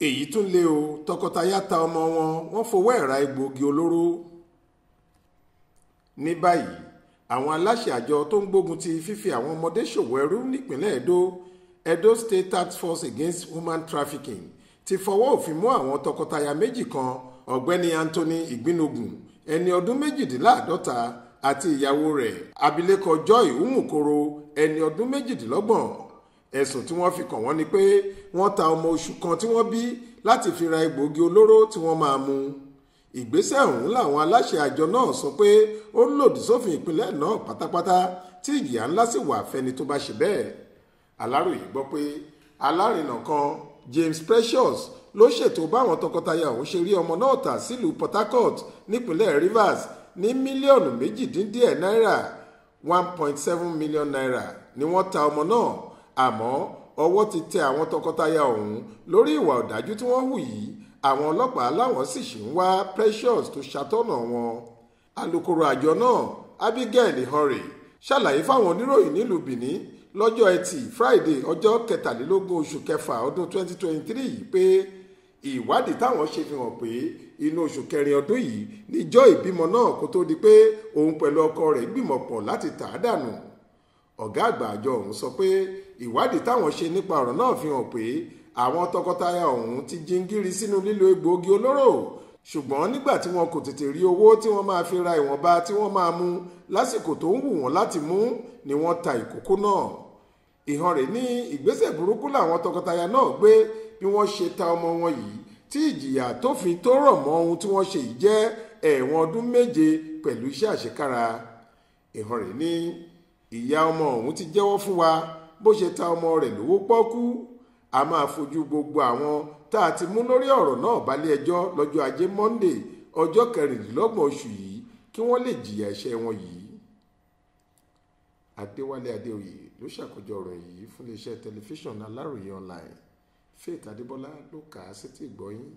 èyí tún lé o tọkọtaya ta ọmọ wọn wọ́n fowó ẹ̀ ra egbòogi olóró ní báyìí àwọn aláṣẹ àjọ tó ń gbógun ti fífi àwọn ọmọdé ṣòwò ẹrú nípìnlẹ̀ Edo Edo State Task Force Against Human Trafficking ti fọwọ́ òfin mú àwọn tọkọtaya méjì kan ọ̀gbẹ́ni Anthony Igbinogun ẹni ọdún méjìdínláàdọ́ta àti ìyàwó rẹ̀ abilékọ Joy Umukoro ẹni ọdún méjìdínlọ́gbọ̀n ẹ̀sùn tí wọ́n fi kàn wọ́n ni pé wọ́n ta ọmọ oṣù kan tí wọ́n bí láti fi ra egbòogi olóró tí wọ́n máa mu ìgbésẹ̀ ọ̀hún làwọn aláṣẹ àjọ náà sọ pé ó lòdì sófin ìpínlẹ̀ náà pátápátá tí ìjìyà ńlá sì wà fẹ́ni tó bá ṣe bẹ́ẹ̀ aláròye gbọ́ pé alárìnà kan James Precious ló ṣètò báwọn tọkọtaya ọ̀hún ṣe rí ọmọ náà tà sílùú Port Harcourt nípínlẹ̀ Rivers ní mílíọ̀nù méjìdíndíẹ̀ náírà one point seven million naira ni wọ́n ta ọmọ náà àmọ́ ọwọ́ ti tẹ àwọn tọkọtaya ọ̀hún lórí ìwà ọ̀dájú tí wọ́n hù yìí àwọn ọlọ́pàá láwọn sì ṣì ń wá Precious tó ṣàtọ̀nà wọn. alukoro àjọ náà Abigail Hore ṣàlàyé fáwọn oníròyìn nílùú Benin lọ́jọ́ Ẹtì Friday ọjọ́ kẹtàlélógún oṣù kẹfà ọdún 2023 yìí pé ìwádìí táwọn ṣe fi hàn pé inú oṣù kẹrin ọdún yìí níjọ́ ìbímọ náà kó tó di pé òun pẹ̀lú ọkọ rẹ̀ gbìmọ̀pọ̀ láti tà á dànù ọ̀gá àgbà àjọ ọ̀hún sọ pé ìwádìí táwọn ṣe nípa ọ̀rọ̀ náà fi hàn pé àwọn tọkọtaya ọ̀hún ti jingiri sínú lílo egbòogi olóró ṣùgbọ́n nígbà tí wọn kò tètè rí owó tí wọ́n máa fi ra ìwọ̀nba tí wọ́n máa mú lásìkò tó ń wù wọ́n láti mú ni wọ́n ta ìkókó náà Ìhànrè ní ìgbésẹ̀ burúkú làwọn tọkọtaya náà gbé bí wọ́n ṣe ta ọmọ wọn yìí tí ìjìyà tófin tó rọ̀ mọ́ ohun tí wọ́n ṣe yìí jẹ́ ẹ̀wọ̀n ọdún méje pẹ̀lú iṣẹ́ àṣekára Ìhànrè ní ìyá ọmọ ọ̀hún ti jẹ́wọ́ fún wa bó ṣe ta ọmọ rẹ̀ lówó pọ́kú a máa fojú gbogbo àwọn tá a ti mú lórí ọ̀rọ̀ náà balẹ̀-ẹjọ́ lọ́jọ́ ajé monde ọjọ́ kẹrìndínlọ́gbọ̀n oṣù yìí kí wọ́n lè jìyà ẹ̀ṣẹ̀ wọn yìí. adéwálé adéoyè ló ṣàkójọ ọ̀rọ̀ yìí fún iléeṣẹ́ tẹlifíṣàn aláròye online faith adébọlá ló kà á sétí ìgbọ́yìn.